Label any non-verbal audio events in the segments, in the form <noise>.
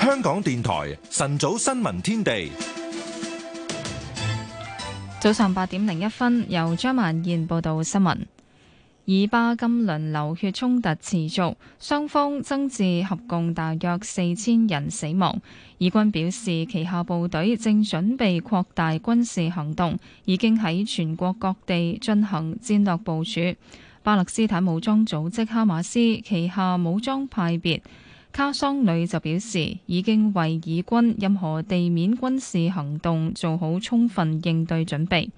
香港電台晨早新聞天地，早上八點零一分，由張曼燕報道新聞。以巴今輪流血衝突持續，雙方增至合共大約四千人死亡。以軍表示，旗下部隊正準備擴大軍事行動，已經喺全國各地進行戰略部署。巴勒斯坦武裝組織哈馬斯旗下武裝派別卡桑旅就表示，已經為以軍任何地面軍事行動做好充分應對準備。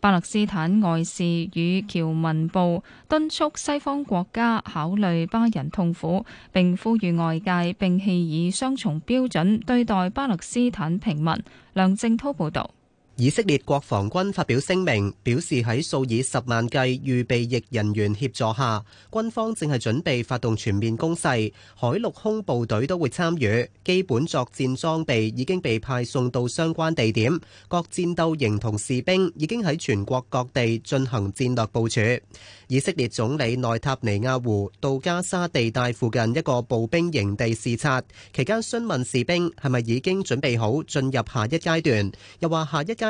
巴勒斯坦外事與僑民部敦促西方國家考慮巴人痛苦，並呼籲外界摒棄以雙重標準對待巴勒斯坦平民。梁正濤報道。以色列國防軍發表聲明，表示喺數以十萬計預備役人員協助下，軍方正係準備發動全面攻勢，海陸空部隊都會參與。基本作戰裝備已經被派送到相關地點，各戰鬥營同士兵已經喺全國各地進行戰略部署。以色列總理內塔尼亞胡到加沙地帶附近一個步兵營地視察，期間詢問士兵係咪已經準備好進入下一階段，又話下一階。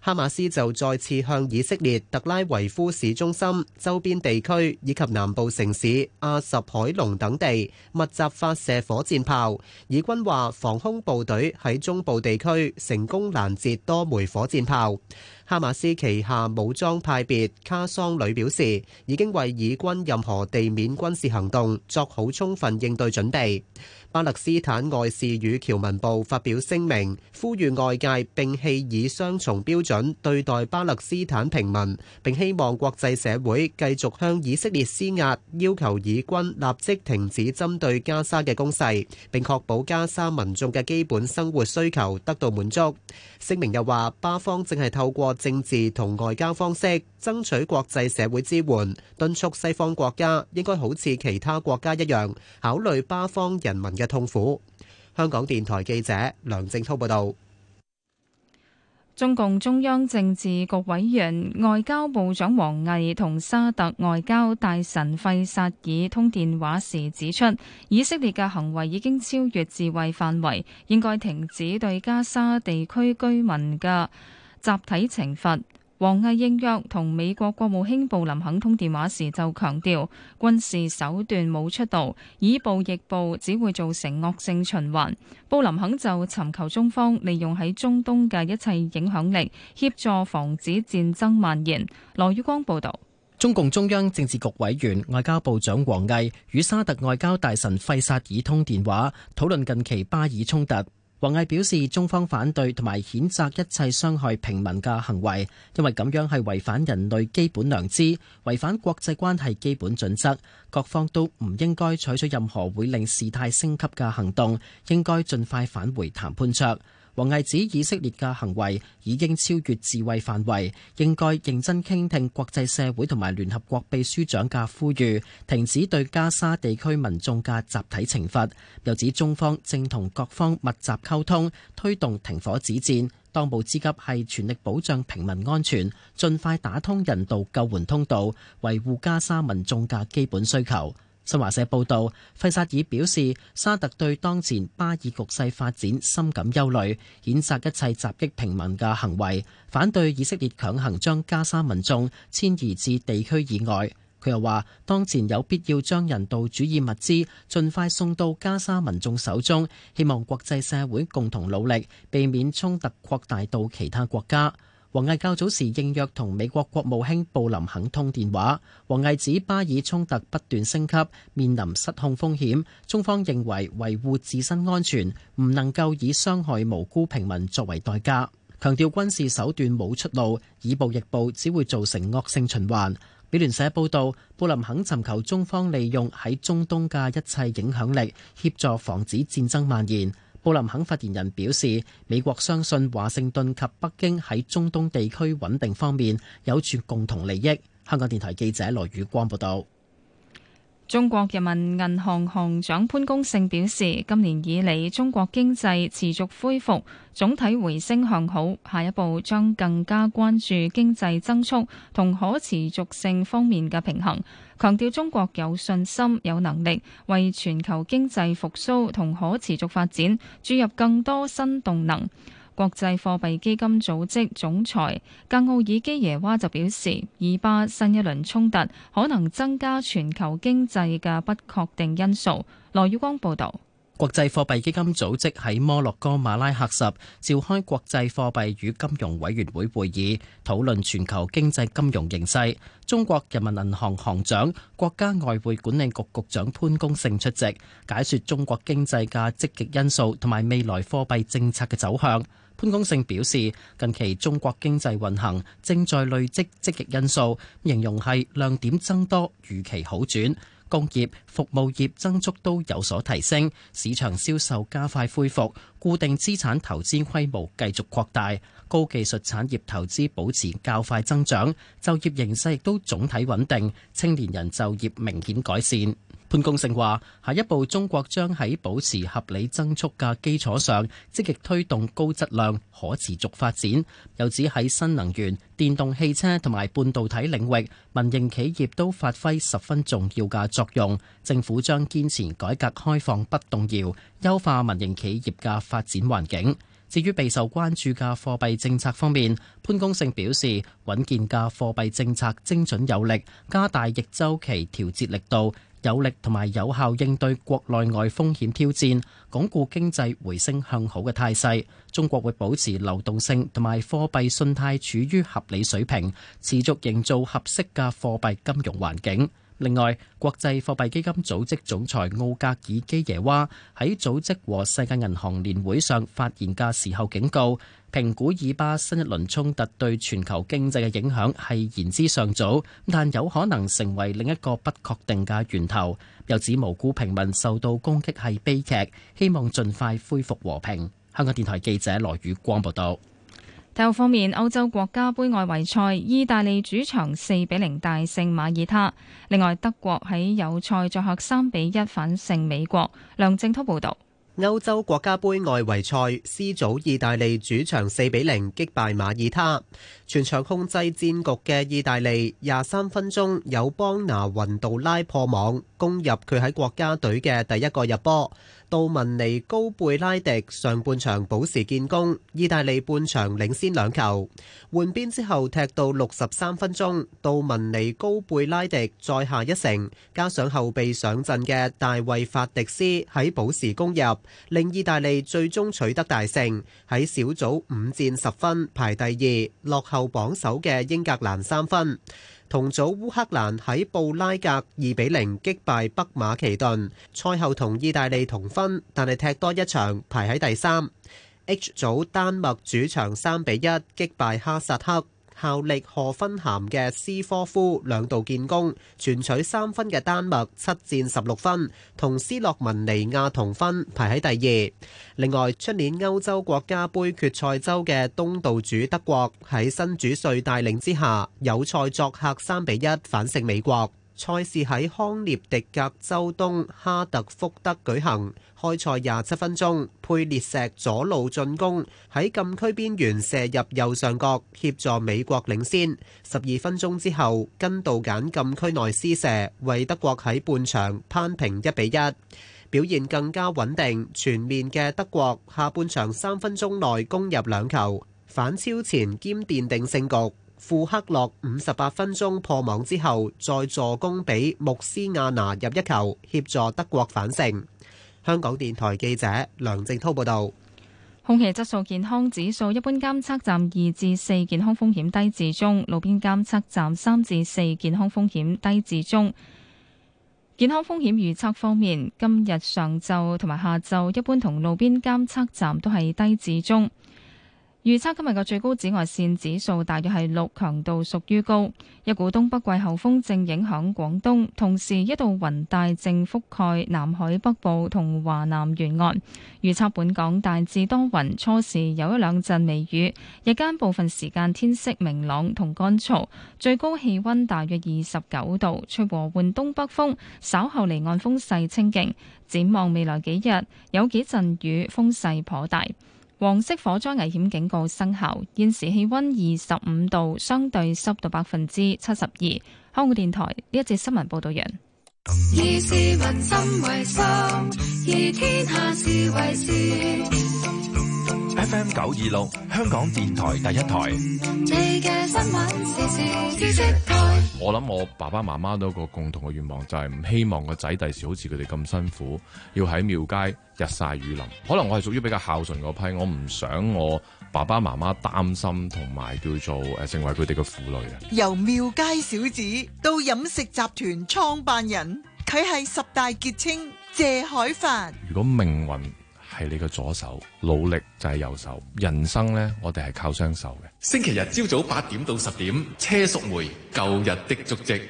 哈馬斯就再次向以色列特拉維夫市中心、周邊地區以及南部城市阿什凱隆等地密集發射火箭炮，以軍話防空部隊喺中部地區成功攔截多枚火箭炮。哈馬斯旗下武裝派別卡桑旅表示，已經為以軍任何地面軍事行動作好充分應對準備。巴勒斯坦外事與僑民部發表聲明，呼籲外界摒棄以雙重標準對待巴勒斯坦平民，並希望國際社會繼續向以色列施壓，要求以軍立即停止針對加沙嘅攻勢，並確保加沙民眾嘅基本生活需求得到滿足。聲明又話巴方正係透過政治同外交方式爭取國際社會支援，敦促西方國家應該好似其他國家一樣考慮巴方人民嘅痛苦。香港電台記者梁正濤報道，中共中央政治局委員外交部長王毅同沙特外交大臣費薩爾通電話時指出，以色列嘅行為已經超越自衛範圍，應該停止對加沙地區居民嘅集體懲罰。王毅應約同美國國務卿布林肯通電話時就強調，軍事手段冇出道，以暴易暴只會造成惡性循環。布林肯就尋求中方利用喺中東嘅一切影響力，協助防止戰爭蔓延。羅宇光報導，中共中央政治局委員、外交部長王毅與沙特外交大臣費薩爾通電話，討論近期巴以衝突。王毅表示，中方反對同埋譴責一切傷害平民嘅行為，因為咁樣，係違反人類基本良知，違反國際關係基本準則，各方都唔應該採取，取任何會令事態升級嘅行動，應該盡快返回談判桌。王毅指以色列嘅行為已經超越自衛範圍，應該認真傾聽國際社會同埋聯合國秘書長嘅呼籲，停止對加沙地區民眾嘅集體懲罰，又指中方正同各方密集溝通，推動停火止戰，當務之急係全力保障平民安全，盡快打通人道救援通道，維護加沙民眾嘅基本需求。新華社報道，費薩爾表示，沙特對當前巴以局勢發展深感憂慮，譴責一切襲擊平民嘅行為，反對以色列強行將加沙民眾遷移至地區以外。佢又話，當前有必要將人道主義物資盡快送到加沙民眾手中，希望國際社會共同努力，避免衝突擴大到其他國家。王毅較早時應約同美國國務卿布林肯通電話，王毅指巴以衝突不斷升級，面臨失控風險，中方認為維護自身安全唔能夠以傷害無辜平民作為代價，強調軍事手段冇出路，以暴易暴只會造成惡性循環。美聯社報道，布林肯尋求中方利用喺中東嘅一切影響力，協助防止戰爭蔓延。布林肯發言人表示，美國相信華盛頓及北京喺中東地區穩定方面有住共同利益。香港電台記者羅宇光報道。中國人民銀行行長潘功勝表示，今年以嚟中國經濟持續恢復，總體回升向好。下一步將更加關注經濟增速同可持續性方面嘅平衡，強調中國有信心、有能力為全球經濟復蘇同可持續發展注入更多新動能。國際貨幣基金組織總裁格奧爾基耶娃就表示，以巴新一輪衝突可能增加全球經濟嘅不確定因素。羅宇光報道，國際貨幣基金組織喺摩洛哥馬拉喀什召開國際貨幣與金融委員會會議，討論全球經濟金融形勢。中國人民銀行行長、國家外匯管理局局長潘功勝出席，解說中國經濟嘅積極因素同埋未來貨幣政策嘅走向。潘功勝表示，近期中國經濟運行正在累積積極因素，形容係亮點增多，預期好轉。工業、服務業增速都有所提升，市場銷售加快恢復，固定資產投資規模繼續擴大，高技術產業投資保持較快增長，就業形勢亦都總體穩定，青年人就業明顯改善。潘功勝話：下一步，中國將喺保持合理增速嘅基礎上，積極推動高質量可持續發展。又指喺新能源、電動汽車同埋半導體領域，民營企業都發揮十分重要嘅作用。政府將堅持改革開放不動搖，優化民營企業嘅發展環境。至於備受關注嘅貨幣政策方面，潘功勝表示，穩健嘅貨幣政策精準有力，加大逆周期調節力度。有力同埋有效應對國內外風險挑戰，鞏固經濟回升向好嘅態勢，中國會保持流動性同埋貨幣信貸處於合理水平，持續營造合適嘅貨幣金融環境。另外，國際貨幣基金組織總裁奧格爾基耶娃喺組織和世界銀行年會上發言嘅時候警告，評估以巴新一輪衝突對全球經濟嘅影響係言之尚早，但有可能成為另一個不確定嘅源頭。又指無辜平民受到攻擊係悲劇，希望盡快恢復和平。香港電台記者羅宇光報道。體育方面，歐洲國家盃外圍賽，意大利主場四比零大勝馬爾他。另外，德國喺友賽作客三比一反勝美國。梁正滔報道：歐洲國家盃外圍賽，C 組意大利主場四比零擊敗馬爾他，全場控制戰局嘅意大利，廿三分鐘有邦拿雲度拉破網，攻入佢喺國家隊嘅第一個入波。杜文尼高貝拉迪上半場保時建功，意大利半場領先兩球。換邊之後踢到六十三分鐘，杜文尼高貝拉迪再下一城，加上後備上陣嘅大衛法迪斯喺保時攻入，令意大利最終取得大勝，喺小組五戰十分排第二，落後榜首嘅英格蘭三分。同組烏克蘭喺布拉格二比零擊敗北馬其頓，賽後同意大利同分，但係踢多一場，排喺第三。H 組丹麥主場三比一擊敗哈薩克。效力荷芬咸嘅斯科夫兩度建功，全取三分嘅丹麥七戰十六分，同斯洛文尼亞同分，排喺第二。另外，出年歐洲國家杯決賽周嘅東道主德國喺新主帥帶領之下，友賽作客三比一反勝美國。賽事喺康涅狄格州東哈特福德舉行，開賽廿七分鐘，佩列石左路進攻喺禁區邊緣射入右上角，協助美國領先。十二分鐘之後，根道簡禁區內施射，為德國喺半場扳平一比一。表現更加穩定全面嘅德國，下半場三分鐘內攻入兩球，反超前兼奠定勝局。庫克洛五十八分鐘破網之後，再助攻俾穆斯亞拿入一球，協助德國反勝。香港電台記者梁靜滔報導。空氣質素健康指數一般監測站二至四，健康風險低至中；路邊監測站三至四，健康風險低至中。健康風險預測方面，今日上晝同埋下晝一般同路邊監測站都係低至中。預測今日嘅最高紫外線指數大約係六，強度屬於高。一股東北季候風正影響廣東，同時一道雲帶正覆蓋南海北部同華南沿岸。預測本港大致多雲，初時有一兩陣微雨，日間部分時間天色明朗同乾燥，最高氣温大約二十九度，吹和緩東北風，稍後離岸風勢清勁。展望未來幾日，有幾陣雨，風勢頗大。黃色火災危險警告生效，現時氣溫二十五度，相對濕度百分之七十二。香港電台呢一節新聞報道完。 <music> <music> F M 九二六香港電台第一台。我諗我爸爸媽媽都有一個共同嘅願望，就係唔希望個仔第時好似佢哋咁辛苦，要喺廟街日曬雨淋。可能我係屬於比較孝順嗰批，我唔想我爸爸媽媽擔心，同埋叫做誒成為佢哋嘅負累啊。由廟街小子到飲食集團創辦人，佢係十大傑青謝海凡。如果命運，係你嘅左手，努力就係右手。人生咧，我哋係靠雙手嘅。星期日朝早八點到十點，車淑梅，舊日的足跡。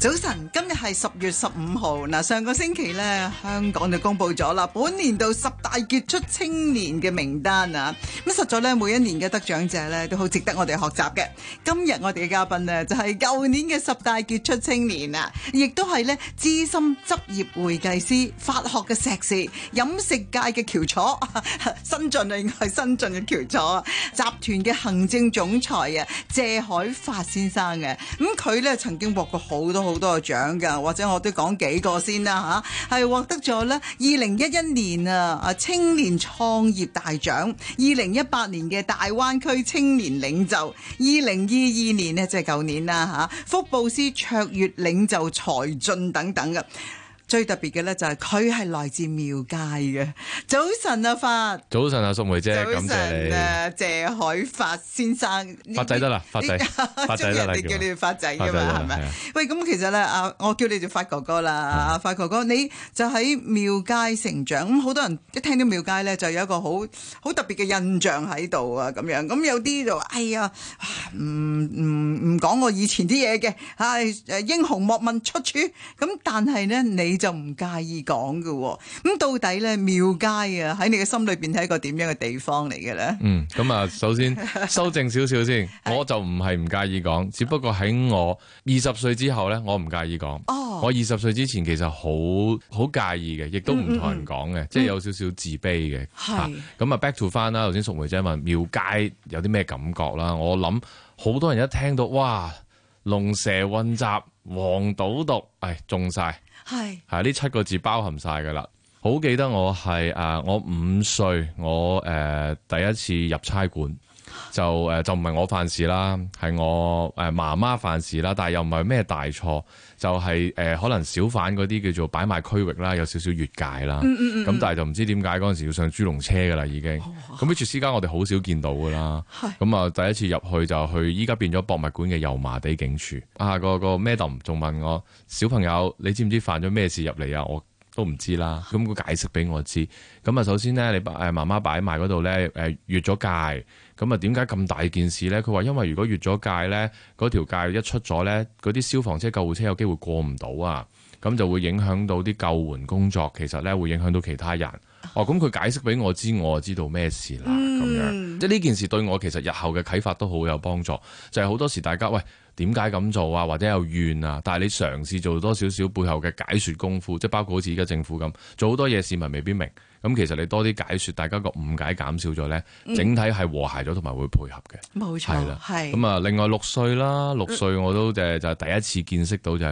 早晨。係十月十五號嗱，上個星期咧，香港就公布咗啦，本年度十大傑出青年嘅名單啊！咁實在咧，每一年嘅得獎者咧，都好值得我哋學習嘅。今日我哋嘅嘉賓呢，就係舊年嘅十大傑出青年啊，亦都係咧資深執業會計師、法學嘅碩士、飲食界嘅翹楚、 <laughs> 新晉啊，應該係新晉嘅翹楚集團嘅行政總裁啊，謝海發先生嘅。咁佢咧曾經獲過好多好多嘅獎。或者我都講幾個先啦吓，係、啊、獲得咗呢二零一一年啊啊青年創業大獎，二零一八年嘅大灣區青年領袖，二零二二年咧即係舊年啦吓、啊啊，福布斯卓越領袖才俊等等嘅。啊最特別嘅咧就係佢係來自廟街嘅。早晨啊，發！早晨啊，淑梅姐。早晨啊，謝，謝海發先生。發仔得啦，發仔， <laughs> 中意人哋叫你發仔㗎嘛，係咪？吧的喂，咁其實咧，阿我叫你做發哥哥啦的、啊，發哥哥，你就喺廟街成長。好的、嗯、多人一聽到廟街咧，就有一個好好特別嘅印象喺度啊，咁樣。咁有啲就話：哎呀，唔唔唔講我以前啲嘢嘅。係、啊、誒，英雄莫問出處。咁但係咧，你，就唔介意講嘅咁，到底咧廟街啊喺你嘅心裏邊係一個點樣嘅地方嚟嘅咧？嗯，咁啊，首先修正少少先，點點 <laughs> 我就唔係唔介意講，是只不過喺我二十歲之後咧，我唔介意講。哦，我二十歲之前其實好好介意嘅，亦都唔同人講嘅，嗯嗯，即係有少少自卑嘅。係咁是啊，back to 翻啦。頭先淑梅姐問廟街有啲咩感覺啦？我諗好多人一聽到哇，龍蛇混雜、黃賭毒，唉，中晒。係係，呢七個字包含晒㗎喇，好記得我係誒、啊，我五歲我誒、呃、第一次入差館。就誒、呃、就唔係我犯事啦，係我誒媽媽犯事啦，但係又唔係咩大錯，就係、是、誒、呃、可能小販嗰啲叫做擺賣區域啦，有少少越界啦。咁、嗯嗯嗯、但係就唔知點解嗰陣時要上豬籠車嘅啦，已經、哦。咁 which 時間我哋好少見到嘅啦。咁啊是、嗯、第一次入去就去，依家變咗博物館嘅油麻地警署。啊、嗰個、嗰個 madam 仲問我小朋友，你知唔知犯咗咩事入嚟啊？我都唔知啦，咁佢 <laughs> 解釋俾我知。咁啊，首先呢，你爸，誒誒媽媽擺埋嗰度呢，誒越咗界。咁啊，點解咁大件事呢？佢話因為如果越咗界呢，嗰條界一出咗呢，嗰啲消防車、救護車有機會過唔到啊，咁就會影響到啲救援工作。其實呢，會影響到其他人。哦，咁佢解釋俾我知，我知道咩事啦，咁、嗯、樣即係呢件事對我其實日後嘅啟發都好有幫助。就係、是、好多時大家喂，點解咁做啊，或者有怨啊，但係你嘗試做多少少背後嘅解説功夫，即係包括好似而家政府咁，做好多嘢市民未必明。咁其實你多啲解説，大家個誤解減少咗呢，嗯、整體係和諧咗同埋會配合嘅。冇錯，係啦的，係的。咁啊，另外六歲啦，六歲我都就第一次見識到就係、是。